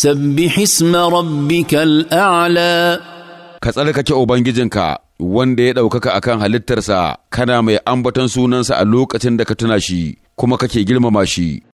سبح اسم ka الأعلى ke Ubangijinka, wanda ya ɗaukaka akan halittarsa kana mai ambaton sunansa a lokacin da ka tuna shi kuma kake girmama shi